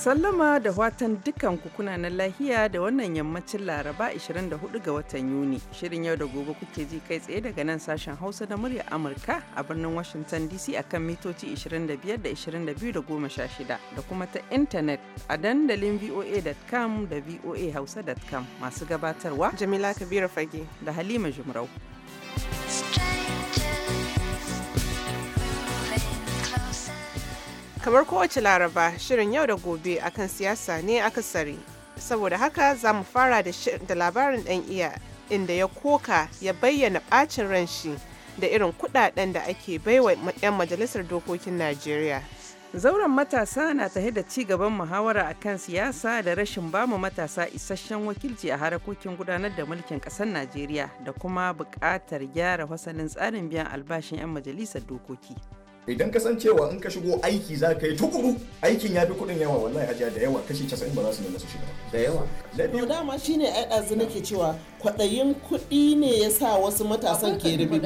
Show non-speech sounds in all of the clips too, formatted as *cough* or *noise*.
Sallama da watan dukan kuna na lahiya da wannan yammacin Laraba 24 ga watan Yuni. Shirin yau da gobe kuke ji kai tsaye daga nan sashen Hausa da murya Amurka a birnin Washington DC akan mitoci 25 da 22 da da kuma ta intanet a dandalin voa.com da voahausa.com masu gabatarwa Jamila Kabiru Fage da Halima Jumrau. Kamar kowace Laraba, shirin yau da gobe akan siyasa ne aka akasari. Saboda haka za mu fara da labarin dan iya inda ya koka ya bayyana bacin ran shi da irin kudaden da ake baiwa 'yan majalisar dokokin Najeriya. Zauren matasa na tahe da ci gaban muhawara a kan siyasa da rashin bamu matasa isasshen wakilci a harakokin gudanar da mulkin ƙasar Najeriya da kuma bukatar gyara fasalin tsarin biyan albashin 'yan majalisar dokoki. idan ka san cewa in ka shigo aiki za ka yi tukuru aikin ya fi kuɗin yawa wallahi hajiya da yawa kashi casa'in ba za su nuna su shiga da yawa da to dama shine ai ɗazu nake cewa kwaɗayin kuɗi ne ya sa wasu matasan ke ribi.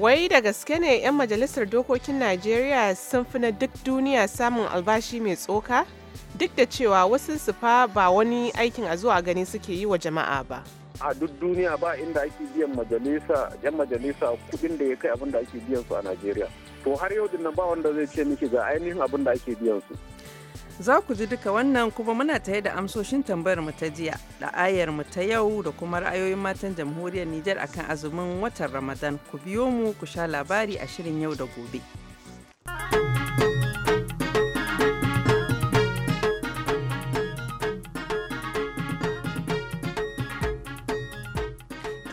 wai da gaske ne 'yan majalisar dokokin najeriya sun fi na duk duniya samun albashi mai tsoka duk da cewa wasu sufa ba wani aikin a zuwa gani suke yi wa jama'a ba a duk duniya ba inda ake biyan majalisa yan majalisa kudin da ya kai abin da ake biyan su a najeriya to har yau din nan ba wanda zai ce miki ga ainihin abin da ake biyan su za ku ji duka wannan kuma muna tare da amsoshin tambayar mu ta jiya da ayar mu ta yau da kuma ra'ayoyin matan jamhuriyar Nijar akan azumin watan Ramadan ku biyo mu ku sha labari a shirin yau da gobe.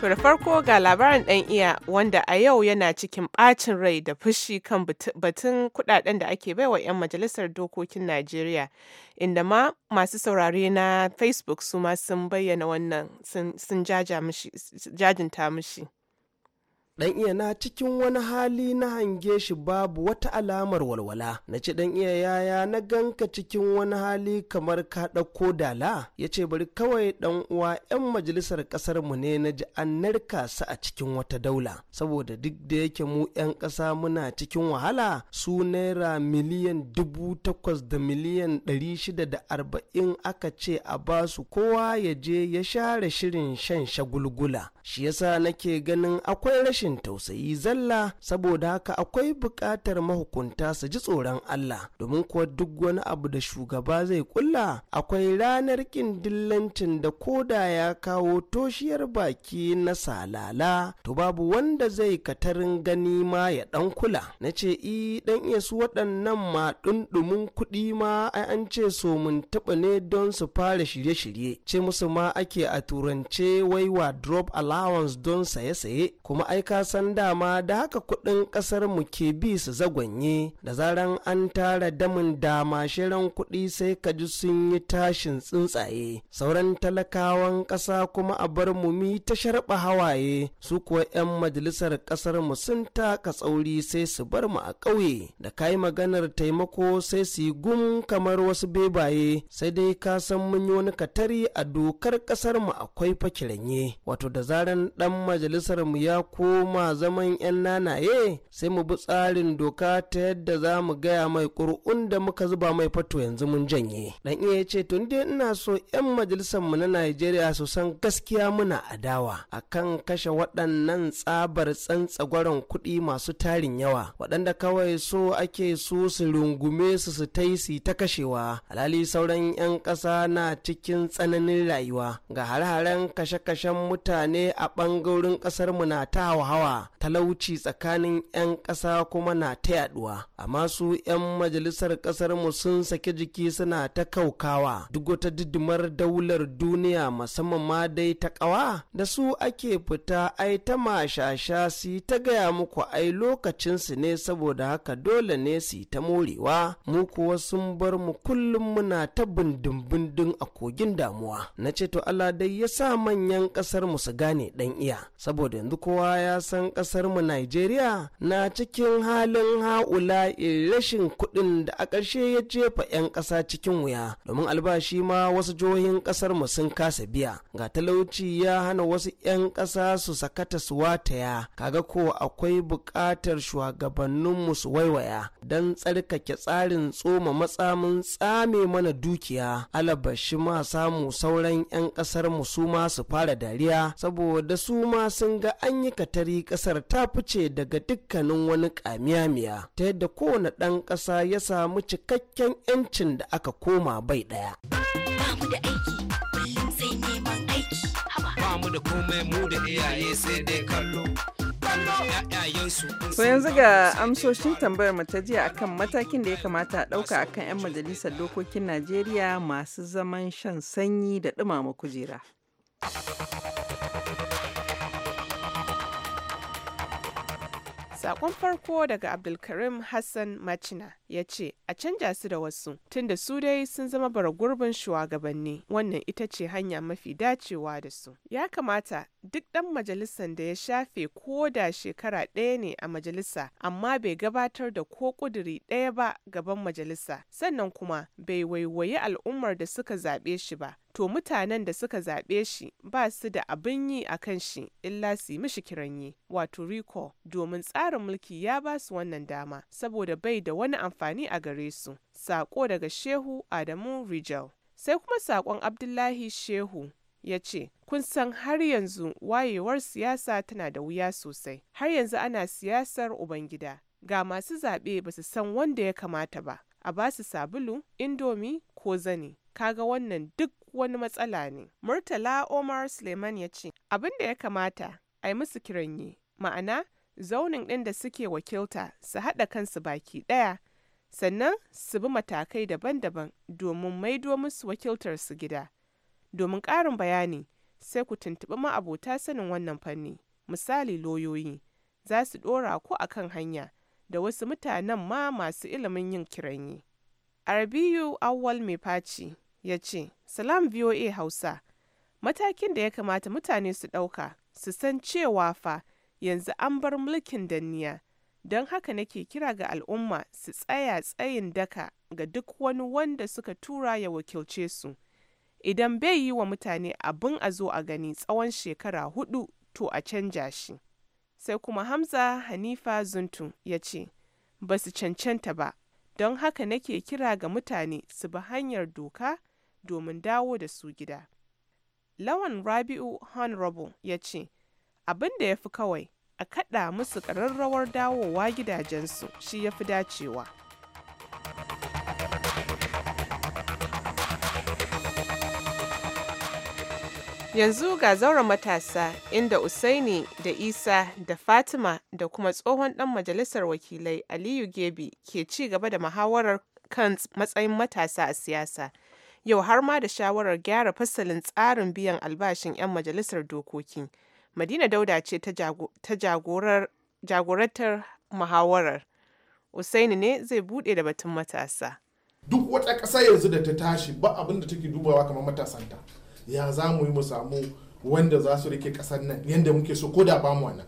To farko ga labarin ɗan iya wanda a yau yana cikin ɓacin rai da fushi kan batun kuɗaɗen da ake baiwa 'yan majalisar dokokin Najeriya, inda ma masu saurare na Facebook su ma sun bayyana wannan sun jajinta mishi. dan iya na cikin wani hali na hange shi babu wata alamar walwala na ce dan iya yaya na ganka cikin wani hali kamar ka ɗauko dala ya ce bari kawai dan uwa 'yan majalisar ƙasar mu ne na ji an narka su a cikin wata daula saboda duk da yake mu 'yan ƙasa muna cikin wahala su naira miliyan dubu takwas da miliyan ɗari shida da arba'in aka ce a ba su kowa ya je ya share shirin shan shagulgula shi yasa nake ganin akwai rashin rashin tausayi zalla saboda haka akwai buƙatar mahukunta su ji tsoron Allah domin kuwa duk wani abu da shugaba zai kulla akwai ranar ƙin dillancin da koda ya kawo toshiyar baki na salala to babu wanda zai katarin gani ma ya dan kula na ce i ɗan iya su waɗannan ma ɗunɗumin kuɗi ma ai an ce so mun taɓa ne don su fara shirye-shirye ce musu ma ake a turance wai drop allowance don saye-saye kuma aika ka san dama da haka kuɗin ƙasar mu ke bi su zagwanye da zaran an tara damin dama shirin kuɗi sai ka ji sun yi tashin tsuntsaye sauran talakawan ƙasa kuma a bar mu mi ta sharɓa hawaye su kuwa 'yan majalisar ƙasar mu sun taka tsauri sai su bar mu a ƙauye da kai maganar taimako sai su yi gum kamar wasu bebaye sai dai ka san mun yi wani katari a dokar ƙasarmu mu akwai fakiranye wato da zaran ɗan majalisar mu ya ko. koma zaman 'yan nanaye sai mu bi tsarin doka ta yadda za mu gaya mai ƙuri'un da muka zuba mai fato yanzu mun janye dan iya ce to dai ina so 'yan majalisar mu na najeriya su san gaskiya muna adawa akan kashe waɗannan tsabar tsantsagwaron kuɗi masu tarin yawa waɗanda kawai so ake so su rungume su su ta ta kashewa alhali sauran 'yan ƙasa na cikin tsananin rayuwa ga har-haren kashe-kashen mutane a ɓangarorin ƙasar mu na ta hawa hauhawa talauci tsakanin 'yan ƙasa kuma na ta yaduwa amma su 'yan majalisar ƙasar mu sun sake jiki suna ta kaukawa duk wata didimar daular duniya musamman ma dai ta ƙawa da su ake fita ai ta mashasha su ta gaya muku ai lokacinsu ne saboda haka dole ne su ta morewa mu kuwa sun bar mu kullum muna ta bindin a kogin damuwa na ce to Allah dai ya sa manyan ƙasar mu su gane ɗan iya saboda yanzu kowa ya matasan mu Najeriya na cikin halin haula rashin kuɗin da a ƙarshe ya jefa 'yan ƙasa cikin wuya domin albashi ma wasu jihohin ƙasarmu sun kasa biya ga talauci ya hana wasu 'yan ƙasa su sakata su wataya kaga ko akwai buƙatar shugabanninmu su waiwaya don tsarkake tsarin tsoma matsamin tsame mana dukiya alabashi ma samu sauran 'yan ƙasarmu su ma su fara dariya saboda su ma sun ga an yi katar akasari kasar ta fice daga dukkanin wani kamiyamiya ta yadda kowane ɗan ƙasa ya samu cikakken 'yancin da aka koma bai ɗaya. da To yanzu ga amsoshin tambayar mu ta jiya akan matakin da ya kamata a ɗauka akan 'yan majalisar dokokin Najeriya masu zaman shan sanyi da ɗumama kujera. Sakon farko daga Abdulkarim Hassan Machina ya ce, A canja su da wasu, tunda su dai sun zama bara gurbin shugabanni, wannan ita ce hanya mafi dacewa da su. Ya kamata duk ɗan majalisan da ya shafe ko da shekara ɗaya ne a majalisa, amma bai gabatar da ko ƙuduri ɗaya ba gaban majalisa, sannan kuma bai waiwayi al'ummar da suka zaɓe shi ba, to mutanen da suka zaɓe shi ba su da abin yi a kan shi illa su yi mishi kiranye wato recall domin tsarin mulki ya ba su wannan dama saboda bai da wani amfani a gare su sako daga shehu adamu rijal sai kuma Saƙon abdullahi shehu ya ce kun san har yanzu wayewar siyasa tana da wuya sosai har yanzu ana siyasar ubangida ga masu zaɓe ba su san wanda ya kamata ba a ba su sabulu indomi ko zani kaga wannan duk wani matsala ne. Murtala Omar Suleiman ya ce, abin da ya kamata a yi musu kiranye, ma'ana zaunin ɗin da suke wakilta su haɗa kansu baki ɗaya, sannan su bi matakai daban-daban domin maido musu su gida. Domin ƙarin bayani, sai ku tuntuɓi ma'abota sanin wannan fanni, misali loyoyi, za su ɗora ku kan hanya da wasu mutanen ma masu ilimin yin kiranye. Arbiyu Awal Mai Faci ya ce, Salam VOA Hausa, matakin da ya kamata mutane su ɗauka su san cewa fa yanzu an bar mulkin danniya. Don haka nake kira ga al'umma su tsaya tsayin daka ga duk wani wanda suka tura ya wakilce su. Idan bai yi wa mutane abin a zo a gani tsawon shekara hudu to a canja shi. Sai kuma Hamza Hanifa Zuntu ya ce, ba su cancanta ba, don haka nake kira ga mutane su bi hanyar doka domin dawo da su gida. Lawan Rabi'u Honorable ya ce, abin da ya fi kawai a kaɗa musu ƙararrawar dawowa gidajensu shi ya fi dacewa. Yanzu ga zauren matasa inda Usaini da Isa da Fatima da kuma tsohon ɗan majalisar wakilai Aliyu Gebi ke ci gaba da muhawarar kan matsayin matasa a siyasa yau har ma da shawarar gyara fasalin tsarin biyan albashin 'yan majalisar dokoki. Madina Dauda ce ta jagorantar muhawarar. Usaini ne zai bude da batun matasa. Duk wata ƙasa yanzu da ta tashi ba abin da take dubawa kamar matasanta. Ya za mu yi mu samu wanda za su rike ƙasar nan yadda muke so ko da ba mu nan.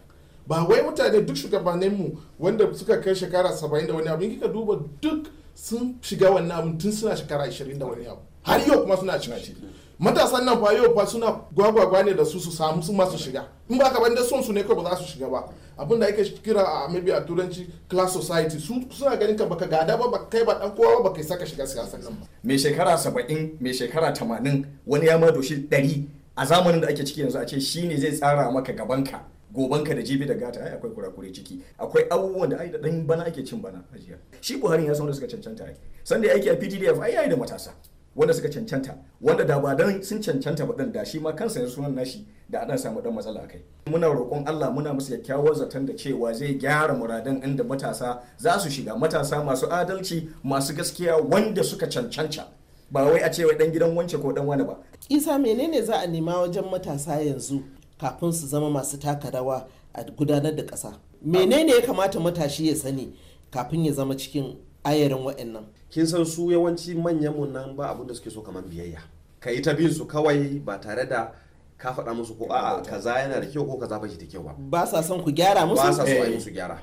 Ba wai mutane duk shugabanninmu wanda suka kai shekara 70 da wani abu kika duba duk sun shiga wannan abin tun suna shekara ashirin da wani abu. har yau kuma suna cin hanci matasan nan fa yau fa suna gwagwagwa ne da su su samu su masu shiga in ba ka banda son su ne kai ba za su shiga ba abinda ake kira a ah, maybe a turanci class society su suna ganin ka baka gada ba baka kai ba dan kowa ba kai saka shiga siyasar nan ba me shekara 70 me shekara 80 wani ya ma doshi 100 a zamanin da ake ciki yanzu a ce shine zai tsara maka gabanka gobanka da jibi da gata ai akwai kurakure ciki akwai abubuwan da ai da dan bana ake cin bana ajiya shi Buhari ya san da suka cancanta ai sanda yake a pdf ai yayi da matasa wanda suka cancanta wanda da ba dan sun cancanta ba dan da shi ma kansa ya sunan nashi da ana samu dan matsala kai muna roƙon Allah muna musu kyakkyawar zaton da cewa zai gyara muradan inda matasa za su shiga matasa masu adalci masu gaskiya wanda suka cancanta ba wai a ce wai dan gidan wance ko dan wani ba isa menene za a nema wajen matasa yanzu kafin su zama masu taka rawa a gudanar da ƙasa menene ya kamata matashi ya sani kafin ya zama cikin ayarin waɗannan. kin san su yawanci manyan mu nan ba abin da suke so kamar biyayya ka yi ta bin su kawai ba tare da ka faɗa musu ko a'a kaza yana da kyau ko kaza ba shi da kyau ba ba sa son ku gyara musu ba sa son ayi yi eh. musu gyara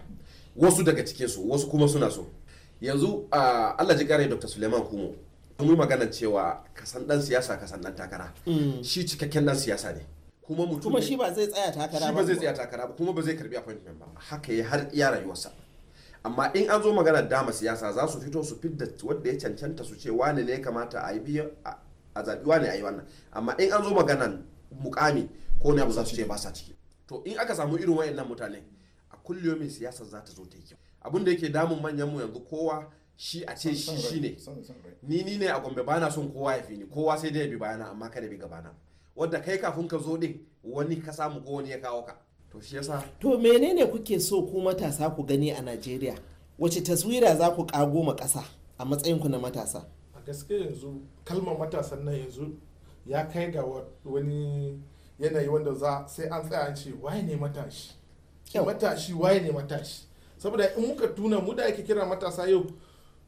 wasu daga cikin su wasu kuma suna so yanzu Allah ji kare Dr. Suleiman Kumo mun yi magana cewa kasan dan siyasa kasan dan takara mm. shi cikakken dan siyasa ne kuma mutum kuma shi ba zai tsaya takara ba shi ba zai tsaya takara ba kuma ba zai karbi appointment ba haka ya har iya rayuwarsa amma in an zo maganar dama siyasa za su fito su fidda wadda ya cancanta su ce wane ne kamata a yi biyu a zaɓi wane a yi wannan amma in an zo maganar mukami ko ne abu za su ce ba sa ciki to in aka samu irin wayannan mutane a kulliyomin siyasa za ta zo ta yi kyau abin da yake damun manyan mu yanzu kowa shi a ce shi shi ne ni ni ne a gombe ba na son kowa ya fi ni kowa sai dai ya bi bayana amma kada bi gabana wadda kai kafin ka zo din wani ka samu ko wani ya kawo ka to shi yasa to menene kuke so ku matasa ku gani a najeriya wace taswira za ku kago ma ƙasa a matsayin ku na matasa a gaske yanzu kalmar matasan nan yanzu ya kai ga wani yanayi wanda za sai an tsaya an ce waye ne matashi matashi waye ne matashi saboda in muka tuna mu da ake kira matasa yau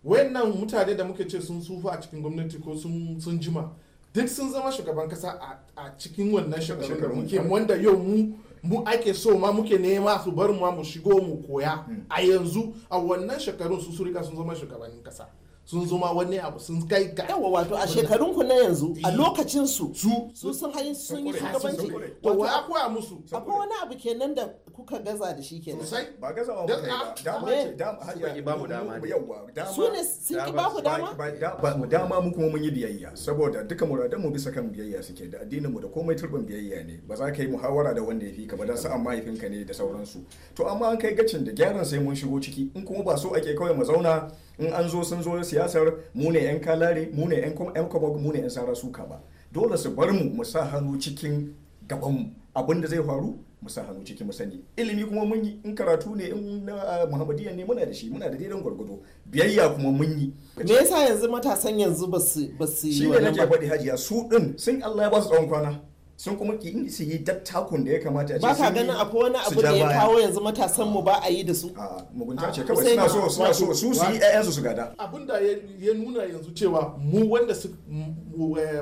wayannan mutane da muke ce sun tsufa a cikin gwamnati ko sun jima duk sun zama shugaban kasa a cikin wannan shekarun muke wanda yau mu mu ake so ma muke nema su bar mu mu shigo mu koya hmm. a yanzu a wannan shekarun su su rika sun zama shugabannin kasa sun zo ma wani abu sun kai ga yawa wato a shekarun ku na yanzu a eh, lokacin su su sun hayi sun yi shugabanci to wa akwai musu akwai wani abu kenan da kuka gaza da shi kenan sai ba gaza ba dama ce dama har ba mu dama yawa dama su ne sun ki ba ku dama ba mu dama mu kuma mun yi biyayya saboda duka muradan mu bisa kan biyayya suke da addinin mu da komai turban biyayya ne ba za ka yi muhawara da wanda ya fi ka ba dan sa'an mahaifinka ne da sauransu to amma an kai gacin da gyaran sai mun shigo ciki in kuma ba so ake kawai mu zauna in an zo sun zo siyasar mu ne yan kalare mu ne yan kwamog mu ne yan sara suka ba dole su bar mu mu sa hannu cikin gaban mu abin da zai faru mu sa hannu cikin mu sani ilimi kuma mun yi in karatu ne in muhammadiyya ne muna da shi muna da daidan gwargwado biyayya kuma mun yi me yasa yanzu matasan yanzu ba su ba su yi wannan ba shi ne nake faɗi hajiya su din sun Allah ya ba su tsawon kwana sun kuma ki inda su yi dattakun da ya kamata a ce ba ka ganin akwai wani abu da ya kawo yanzu matasan mu ba a yi da su a mugunta ce kawai suna so suna so su su yi ƴaƴan su su gada abin da ya nuna yanzu cewa mu wanda su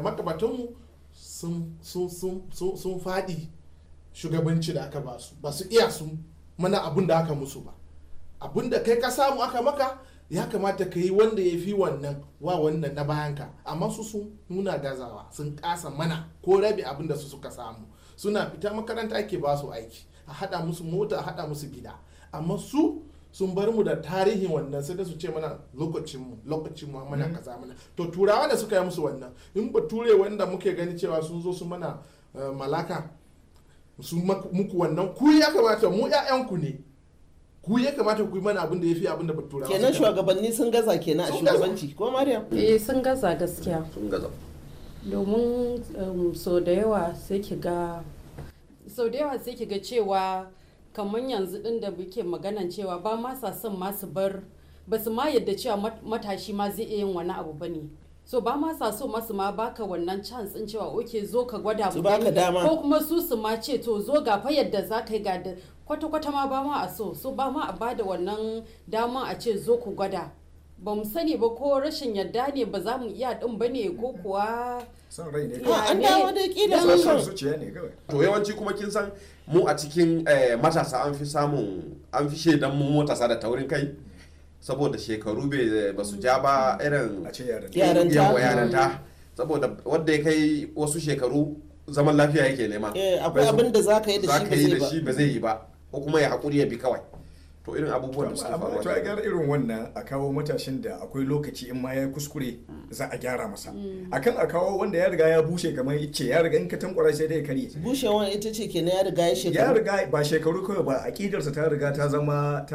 makabatan mu eh, sun sun sun sun fadi shugabanci da aka ba su ba su iya su mana abin da aka musu ba abin da kai ka samu aka maka ya kamata ka yi wanda ya fi wannan wa wannan na bayanka amma su sun nuna gazawa sun kasa mana ko rabi abin da su suka samu suna fita makaranta ake ba su aiki a hada musu mota a hada musu gida amma su sun bar mu da tarihin wannan sai da su ce mana lokacin mu lokacin mu mana mm-hmm. kaza mana to turawa da suka yi musu wannan in ba ture wanda muke gani cewa sun zo su mana eh, malaka su muku wannan ku ya kamata mu 'ya'yanku ne ku ya kamata ku yi mana abin da ya fi abin da ba turawa kenan shugabanni sun gaza kenan a shugabanci ko mariam eh sun gaza gaskiya sun gaza domin um, so da yawa sai ki ga so da yawa sai ki ga cewa kamar yanzu din da muke magana cewa ba ma sa son ma su bar ba su ma yadda cewa matashi ma zai iya yin wani abu bane so ba ma sa so masu ma baka wannan chance din cewa oke zo ka gwada mu ko kuma su su ma ce to zo ga fa yadda za ka yi ga kwata-kwata ma ba ma a so so ba ma a ba da wannan dama a ce zo ku gwada ba mu sani ba ko rashin yadda ne ba za mu iya din ba ne ko kuwa son rai ne kawai an da zuciya ne kawai to yawanci kuma kin san mu a cikin eh, matasa an fi samun an fi shaidan mu matasa da taurin kai saboda shekaru ba su ja ba irin ta saboda wadda ya kai wasu shekaru zaman lafiya yake nema eh, akwai abin da za ka yi da shi ba zai yi ba ko kuma ya haƙuri ya bi kawai to irin abubuwan da suke faruwa to a gyara irin wannan a kawo matashin da akwai lokaci in ma ya kuskure za a gyara masa mm. akan a kawo wanda ya riga ya bushe kamar ice ya riga in ka tankwara sai dai kare bushe wannan ita ce kenan ya riga ya shekaru ya riga ba shekaru kawai ba aqidarsa ta riga ta zama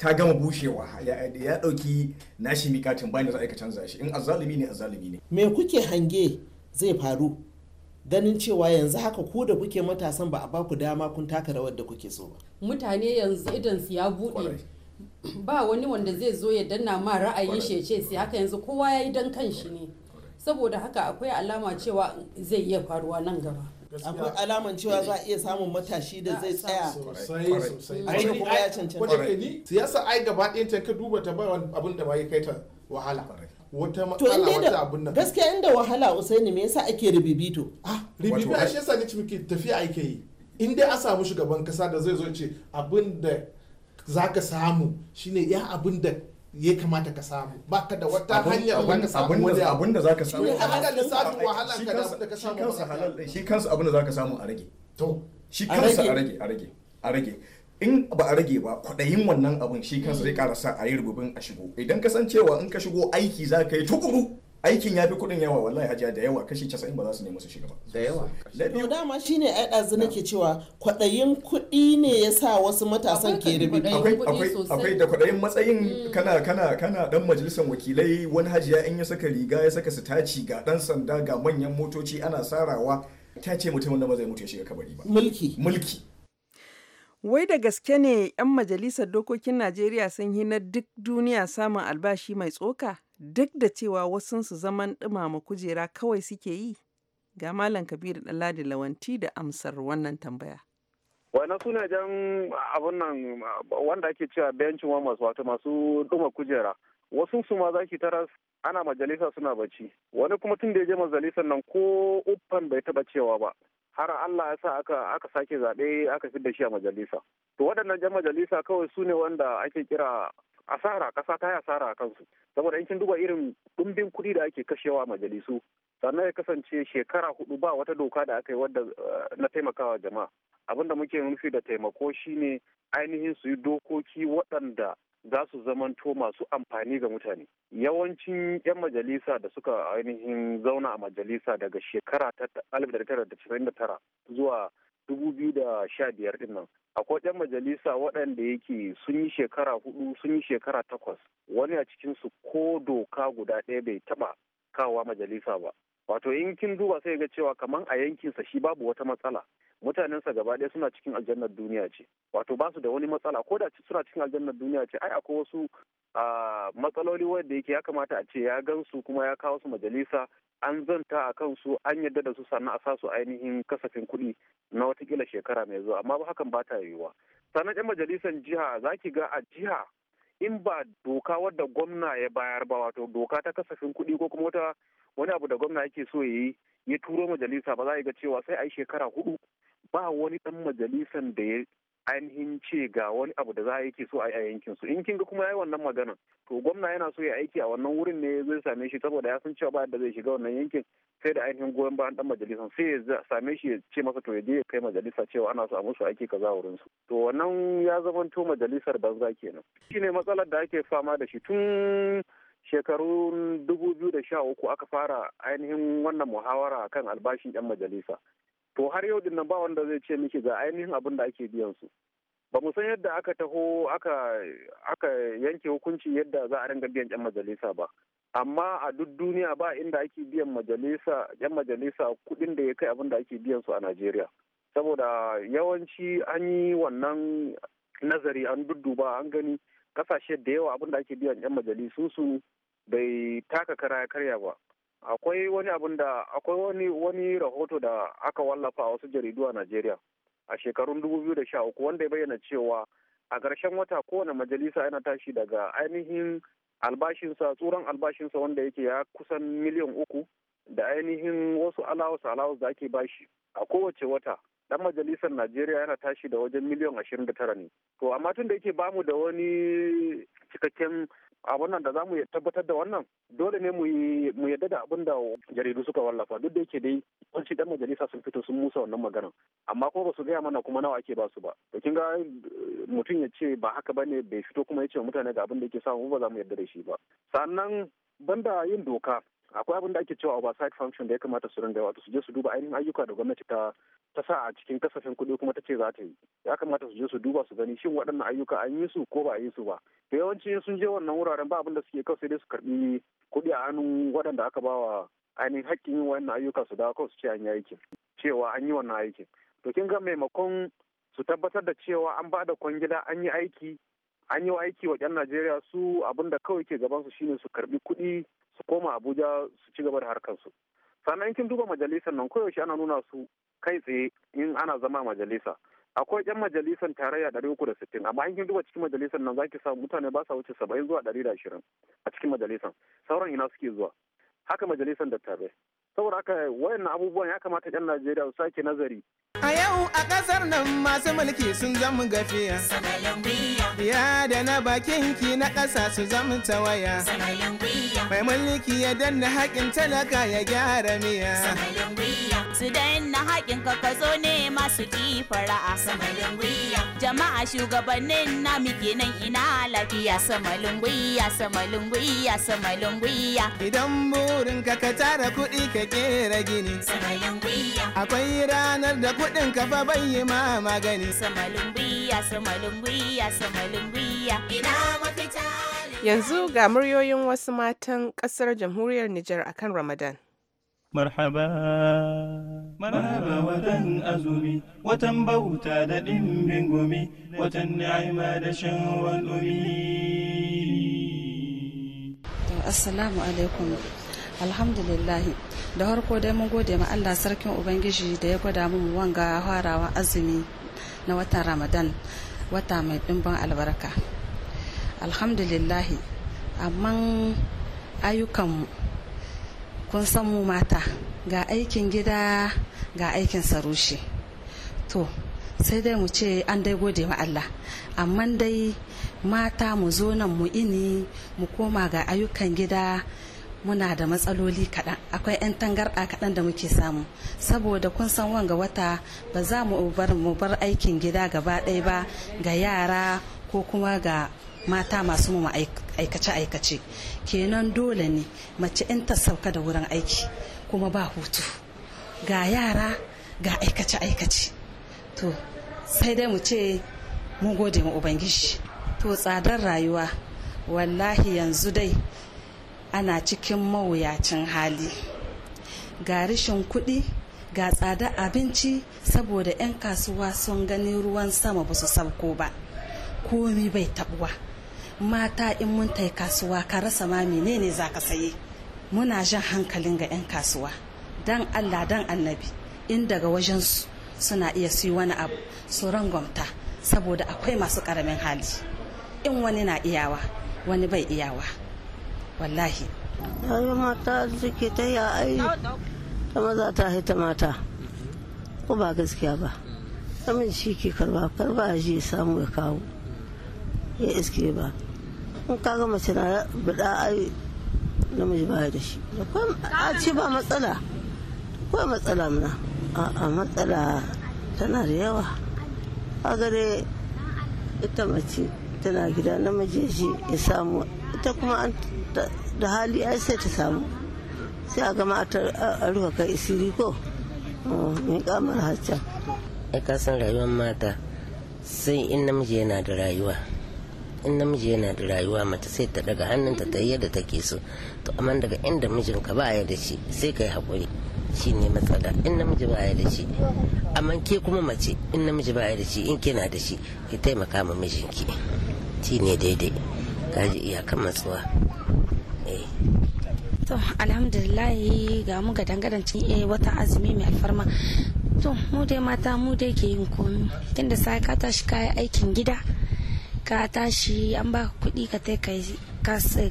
ta gama bushewa ya dauki nashi mikatin bayan da za a canza shi in azzalumi ne azzalumi ne me kuke hange zai faru ganin cewa yanzu haka ko da kuke matasan ba a baku dama kun taka rawar da kuke so ba mutane yanzu idan su ya bude ba wani wanda zai zo ya danna ma ra'ayin shi ya ce sai haka yanzu kowa ya yi dan kan shi ne saboda haka akwai alama cewa zai iya faruwa nan gaba akwai alaman cewa za a iya samun matashi da zai tsaya a kuma ya cancanta siyasa ai gaba ɗayan ta ka duba ta ba abin da ba yi kai ta wahala wata matsala wata abun nan gaskiya inda wahala usaini me yasa ake ribibito ah ribibi a shi yasa ne ciki tafiya ake yi in dai a samu shugaban kasa da zai zo ce abin da zaka samu shine ya abin da ya kamata ka samu baka da wata hanya da ka samu wani abin da zaka samu wahala da samu wahala ka da abin da ka samu shi kansa halal shi kansa abin da zaka samu a rage to shi kansa a rage a rage a rage in ba a rage ba kwaɗayin wannan abin shi kansa zai ƙara sa a yi rububin a shigo idan kasancewa in ka shigo aiki za ka yi tukuru aikin ya fi kuɗin yawa wallahi hajiya da yawa kashi casa'in ba za su nemi su shiga ba da yawa to dama ne ai ɗazu nake cewa kwaɗayin kuɗi ne ya sa wasu matasan ke rubi akwai da kwaɗayin matsayin mm. kana kana kana dan majalisar wakilai wani hajiya in ya saka riga ya saka sitaci ga ɗan sanda ga manyan motoci ana sarawa ta ce mutumin da ba zai mutu ya shiga kabari ba mulki mulki Wai da gaske ne 'yan majalisar dokokin Najeriya sun yi na duk duniya samun albashi mai tsoka duk da cewa wasunsu zaman dumama kujera kawai suke yi? Ga Malam Kabiru Ɗanladi Lawanti da amsar wannan tambaya. wannan suna jan abun nan wanda ake cewa bencin masu wato masu duma kujera wasu su ma zaki tara ana majalisa suna bacci wani kuma tun da ya je majalisar nan ko uffan bai taba cewa ba har Allah ya sa aka aka sake zaɓe aka fi da shi a majalisa to waɗannan jan majalisa kawai su ne wanda ake kira asara ƙasa ta yi asara a kansu saboda yankin duba irin ɗumbin kuɗi da ake kashewa a majalisu sannan ya kasance shekara hudu ba wata doka da aka yi wadda eh, na taimakawa jama'a da muke nufi da taimako shine ainihin su yi dokoki waɗanda za su zamanto masu amfani ga mutane yawancin 'yan majalisa da suka ainihin zauna a majalisa daga shekara ta 1999 zuwa 2015 din nan akwai 'yan majalisa waɗanda yake sun yi shekara hudu sun yi shekara takwas wani a cikinsu ko doka guda ɗaya bai taɓa kawa majalisa ba wato in kin duba sai ga cewa kamar a yankinsa shi babu wata matsala mutanensa gaba ɗaya suna cikin aljannar duniya ce wato ba su da wani matsala ko da suna cikin aljannar duniya ce ai akwai wasu matsaloli wanda yake ya kamata a ce ya gansu kuma ya kawo su majalisa an zanta a kansu an yadda da su sannan a sa su ainihin kasafin kuɗi na watakila shekara mai zuwa amma ba hakan ba ta yiwuwa sannan yan majalisar jiha za ki ga a jiha in ba doka wadda gwamna ya bayar ba wato doka ta kasafin kuɗi ko kuma wata wani abu da gwamna yake so ya yi ya turo majalisa ba za a ga cewa sai a yi shekara hudu ba wani dan majalisan da ya ainihin ce ga wani abu da za a yake so a yi a yankin su in kin ga kuma yayi wannan magana to gwamna yana so ya aiki a wannan wurin ne zai same shi saboda ya san cewa ba da zai shiga wannan yankin sai da ainihin goyon bayan dan majalisan sai ya same shi ya ce masa to ya je ya kai majalisa cewa ana so a musu aiki kaza wurin su to wannan ya zamanto majalisar banza kenan shine matsalar da ake fama da shi tun shekarun dubu biyu da sha uku aka fara ainihin wannan muhawara kan albashin 'yan majalisa to har yau din nan ba wanda zai ce miki ga ainihin abin da ake biyan su ba mu san yadda aka taho aka aka yanke hukunci yadda za a ringa biyan 'yan majalisa ba amma a duk duniya ba inda ake biyan majalisa 'yan majalisa kuɗin da ya kai abin da ake biyan su a najeriya saboda yawanci an yi wannan nazari an dudduba an gani kasashe da yawa abin da ake biyan 'yan majalisu su bai taka kara ya karya ba akwai wani abin da akwai wani wani rahoto da aka wallafa a wasu jaridu a Najeriya a shekarun 2013 wanda ya bayyana cewa a ƙarshen wata kowane majalisa yana tashi daga ainihin albashinsa tsoron albashinsa wanda yake ya kusan miliyan uku da ainihin wasu alawus alawus da ake bashi a kowace wata dan majalisar najeriya yana tashi da wajen miliyan ashirin da tara ne to amma tun da yake bamu da wani cikakken abun nan da za mu tabbatar da wannan dole ne mu yadda da abin da jaridu suka wallafa duk da yake dai kunci dan majalisa sun fito sun musa wannan maganar amma ko ba su gaya mana kuma nawa ake ba su ba to kin ga eh, mutum ya ce ba haka bane bai fito kuma ya ce mutane ga abin da yake samu ba za mu yadda da shi ba sannan banda yin doka akwai abin da ake cewa oversight function da ya kamata su rinda wato su je su duba ainihin ayyuka da gwamnati ta ta sa a cikin kasafin kuɗi kuma ta ce za ta yi ya kamata su je su duba su gani shin waɗannan ayyuka an yi su ko ba a yi su ba da yawanci sun je wannan wuraren ba abin da suke kawai sai dai su karɓi kuɗi a hannun waɗanda aka ba wa ainihin haƙƙin yin wannan ayyuka su dawo kawai su ce an yi aikin cewa an yi wannan aikin to kin ga maimakon su tabbatar da cewa an ba da kwangila an yi aiki an yi aiki wa 'yan Najeriya su abin da kawai ke gabansu shine su karbi kuɗi su koma abuja su ci gaba da harkarsu sannan kin duba majalisar nan koyaushe ana nuna su kai tsaye in ana zama majalisa akwai yan majalisar tarayya ɗari uku da sittin amma in kin duba cikin majalisar nan zaki samu mutane ba sa wuce saba'in zuwa ɗari da ashirin a cikin majalisar sauran ina suke zuwa haka majalisar dattabai saboda haka wayannan abubuwan ya kamata 'yan najeriya su sake nazari a yau a ƙasar nan masu mulki sun zama gafiya ya da na bakin ki na ƙasa su zama tawaya mai mulki ya danna haƙin talaka ya gyara miya su danna haƙin ka ka zo ne masu ki a samalin gwiya jama'a shugabannin na muke nan ina lafiya samalin gwiya samalin gwiya samalin gwiya idan burin ka ka tara kuɗi ka kera gini samalin gwiya akwai ranar da kuɗin ka fa yi ma magani samalin gwiya samalin gwiya samalin gwiya ina mafita yanzu ga muryoyin wasu matan ƙasar jamhuriyar Nijar akan Ramadan marhaba marhaba watan azumi watan bauta da ɗimbin gumi watan ni'ima da shan alhamdulillahi da harko dai mun gode ma Allah sarkin ubangiji da ya gwada mu wanga harawa azumi na watan ramadan wata mai ɗimbin albarka alhamdulillahi amma ayyukanmu kun san mu mata ga aikin gida ga aikin sarushi to sai dai mu ce an dai gode wa Allah amma dai mata mu zo nan mu ini mu koma ga ayyukan gida muna da matsaloli kaɗan akwai 'yan tangarɗa kaɗan da muke samu saboda kun san wanga wata ba za mu bar aikin gida gaba ɗaya ba ga yara ko kuma ga mata masu mu aikace-aikace kenan dole ne mace in ta sauka da wurin aiki kuma ba hutu ga yara ga aikace-aikace to sai dai mu ce mu gode ma ubangiji to tsadar rayuwa wallahi yanzu dai ana cikin mawuyacin hali ga rashin kuɗi ga tsadar abinci saboda 'yan kasuwa sun gani ruwan sama ba su sauko ba komi bai tabuwa mata in mun tai kasuwa ka rasa ma menene za ka saye muna jan hankalin ga 'yan kasuwa dan allah dan annabi in daga wajensu suna iya su wani abu su rangwamta saboda akwai masu karamin hali in wani na iyawa wani bai iyawa wallahi yanzu mata suke ta yi ai ta maza ta haita mata ko ba gaskiya ba saman shi ke karba karba a samu ya kawo ya iske ba in ka ga mace na bida ai namiji baya da shi a ce ba matsala akwai matsala muna a matsala tana da yawa a gare ita mace tana gida namiji shi ya samu ita kuma da hali ai sai ta samu sai a gama a rufe kai isiri ko oh, mai kamar hacca ya kasan rayuwar mata sai in namiji yana da rayuwa in namiji yana da rayuwa mace sai ta daga hannunta ta yi yadda take so to amma daga inda mijin ba ya da shi sai kai haƙuri shi ne matsala in namiji ba ya da shi amma ke kuma mace in namiji ba ya da shi in kina da shi ki taimaka ma mijinki shi ne daidai kaji iyakan matsuwa eh. to alhamdulillah ga mu ga dangadancin eh wata azumi mai alfarma to mu dai mata mu dai ke yin komi tunda sai ka tashi kai aikin gida ka tashi an baka kuɗi ka tai kai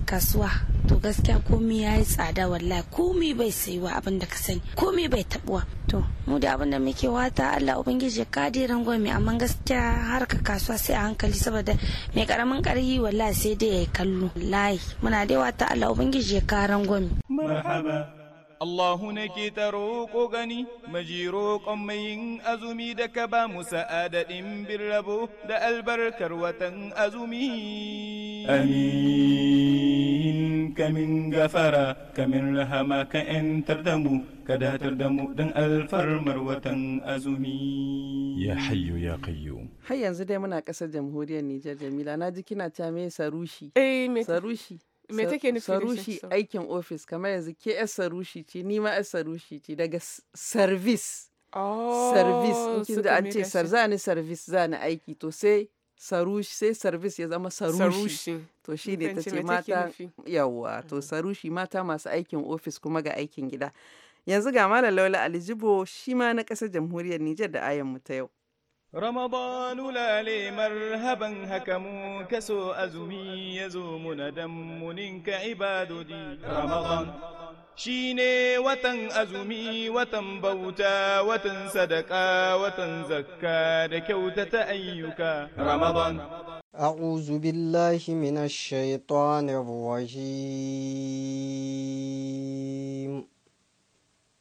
kasuwa to gaskiya komi ya yi tsada wallahi komi bai wa abin da ka sani komi bai tabuwa to mu da abin da muke wata Allah ubangiji ya kadi rangwame amma gaskiya harka kasuwa sai a hankali saboda mai karamin karhi wallahi sai dai ya kallo wallahi muna dai wata Allah ubangiji ya ka rangwame marhaba Allahu ke ta roƙo gani, majiro roƙon azumi da ka ba mu sa'adadin bin rabo da albarkar watan azumi. Amin, kamin gafara, kamin rahama ka ‘yantar da mu, ka datar da mu don alfarmar watan azumi. Ya hayyo ya kayyo. Har yanzu dai muna ƙasar jamhuriyar Nijar Jamila, na ji kina ta me sarushi. Eh, me sarushi. me take nufi sarushi aikin ofis kamar yanzu ke yar sarushi ce ni ma yar sarushi ce daga sarvis sarvis service in oh, an ce sar zani service zani aiki to sai sarushi sai service ya zama sarushi, to shi ne ta ce mata yawa to mm-hmm. sarushi mata masu aikin ofis kuma ga aikin gida yanzu ga malam laula alijibo shi ma na ƙasar jamhuriyar nijar da ayan mu ta yau رمضان لا لي مرهبا هكموا كسو أزمي يزوم ندم منك عباد دي رمضان شيني وتن أزمي وتن بوتا وتن صدقا وتن زكا دكوتة أيكا رمضان أعوذ بالله من الشيطان الرجيم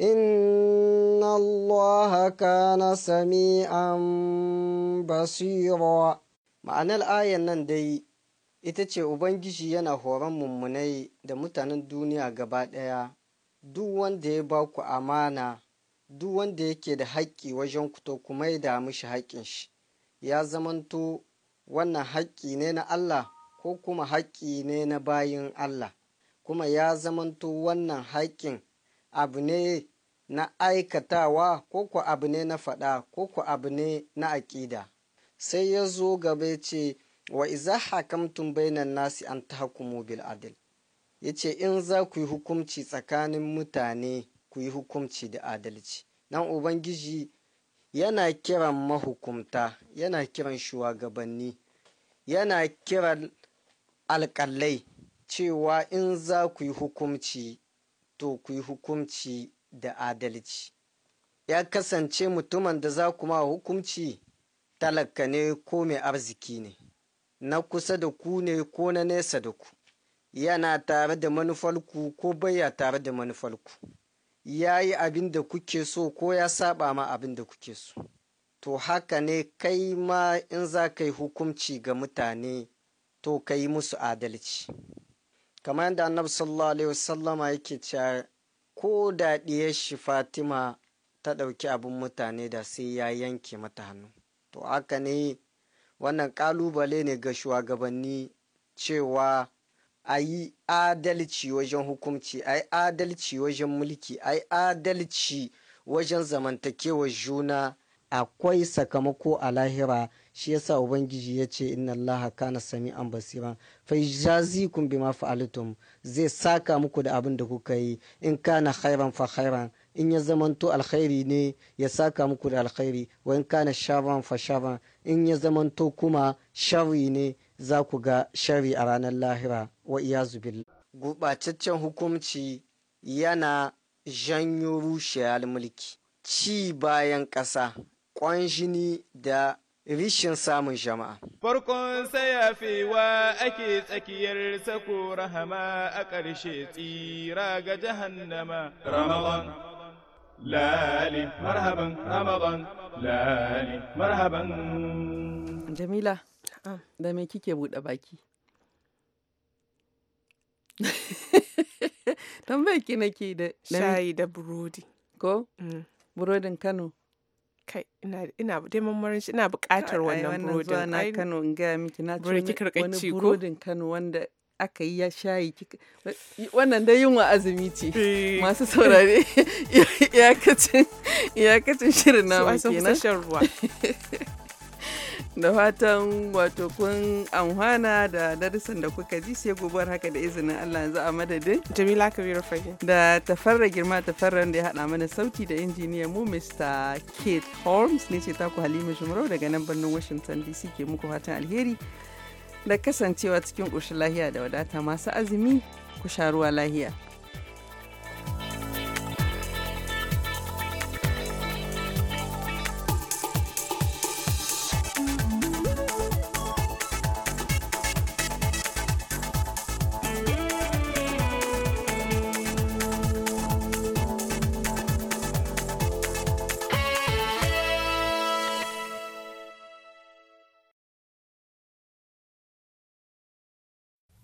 إن الله كان سميعا basira. ma'anar ayan nan dai ita ce ubangiji yana horon mummunai da mutanen duniya gaba ɗaya duk wanda ya ba ku amana duk wanda yake da haƙƙi wajen ku to kuma ya damu shi haƙƙin shi ya zamanto wannan haƙƙi ne na Allah ko kuma haƙƙi ne na bayin Allah kuma ya zamanto wannan haƙƙin abu ne na aikatawa ko ku abu ne na faɗa ko ku abu ne na aƙida sai ya zo gaba ya ce wa iza hakamtum bainan nasi an ta hukumu bil adil ya ce in za ku yi hukumci tsakanin mutane ku yi hukumci da adalci nan ubangiji yana kiran mahukumta yana kiran shugabanni yana kiran alƙalai cewa in za ku yi hukumci to ku yi hukumci da adalci ya kasance mutumin da za kuma hukunci talaka ne ko mai arziki ne na kusa da ku ne ko na nesa da ku yana tare da manufarku ko baya tare da manufarku ya yi abin da kuke so ko ya saba ma abin da kuke so to haka ne kai ma in za ka yi hukumci ga mutane to ka yi musu adalci kamar yadda annabi sallallahu alaihi wasallama yake cewa ko da ɗiyar shi fatima ta ɗauki abin mutane da sai ya yanke mata hannu to haka ne wannan ƙalubale ne ga shugabanni cewa a yi adalci wajen hukumci a yi adalci wajen mulki a yi adalci wajen zamantakewar juna akwai sakamako a lahira shi yasa ubangiji ya ce inna allaha kana sami'an basira fa jazikum bima fa'altum zai saka muku da abin da kuka yi in kana khairan fa khairan in ya zamanto alkhairi ne ya saka muku da alkhairi wa in kana shaban fa shaban in ya zamanto kuma sharri ne za ku ga sharri a ranar lahira wa iyazu billah gurɓataccen hukunci yana janyo rushe mulki ci bayan ƙasa ƙwanshini da rishin samun jama'a. Farkon wa ake tsakiyar sako rahama a ƙarshe tsira ga jahannama. Ramadan, lali, marhaban, Ramadan, lali, marhaban. Jamila, da me kike buɗe baki? *laughs* Tambayar ki nake da shayi da burodi. Ko? Mm. Burodin Kano. kai ina ina dai mamarin ina buƙatar wannan burodin ai na Kano in ga miki na ci wani burodin Kano wanda aka yi ya shayi wannan dai yunwa azumi ce eh. masu saurare *laughs* iyakacin shirin namu kenan shan ruwa *laughs* da fatan wato kun amfana da darussan da kuka ji sai gobar haka da izinin Allah yanzu a madadin Jamila Kabiru Fahim da tafarra girma tafarran da ya hada mana sauti da injiniya mu Mr. Kate Holmes ne ce ta ku Halima Jumrau daga nan birnin Washington DC ke muku fatan alheri da kasancewa cikin ƙoshin lahiya da wadata masu azumi ku sha ruwa lahiya.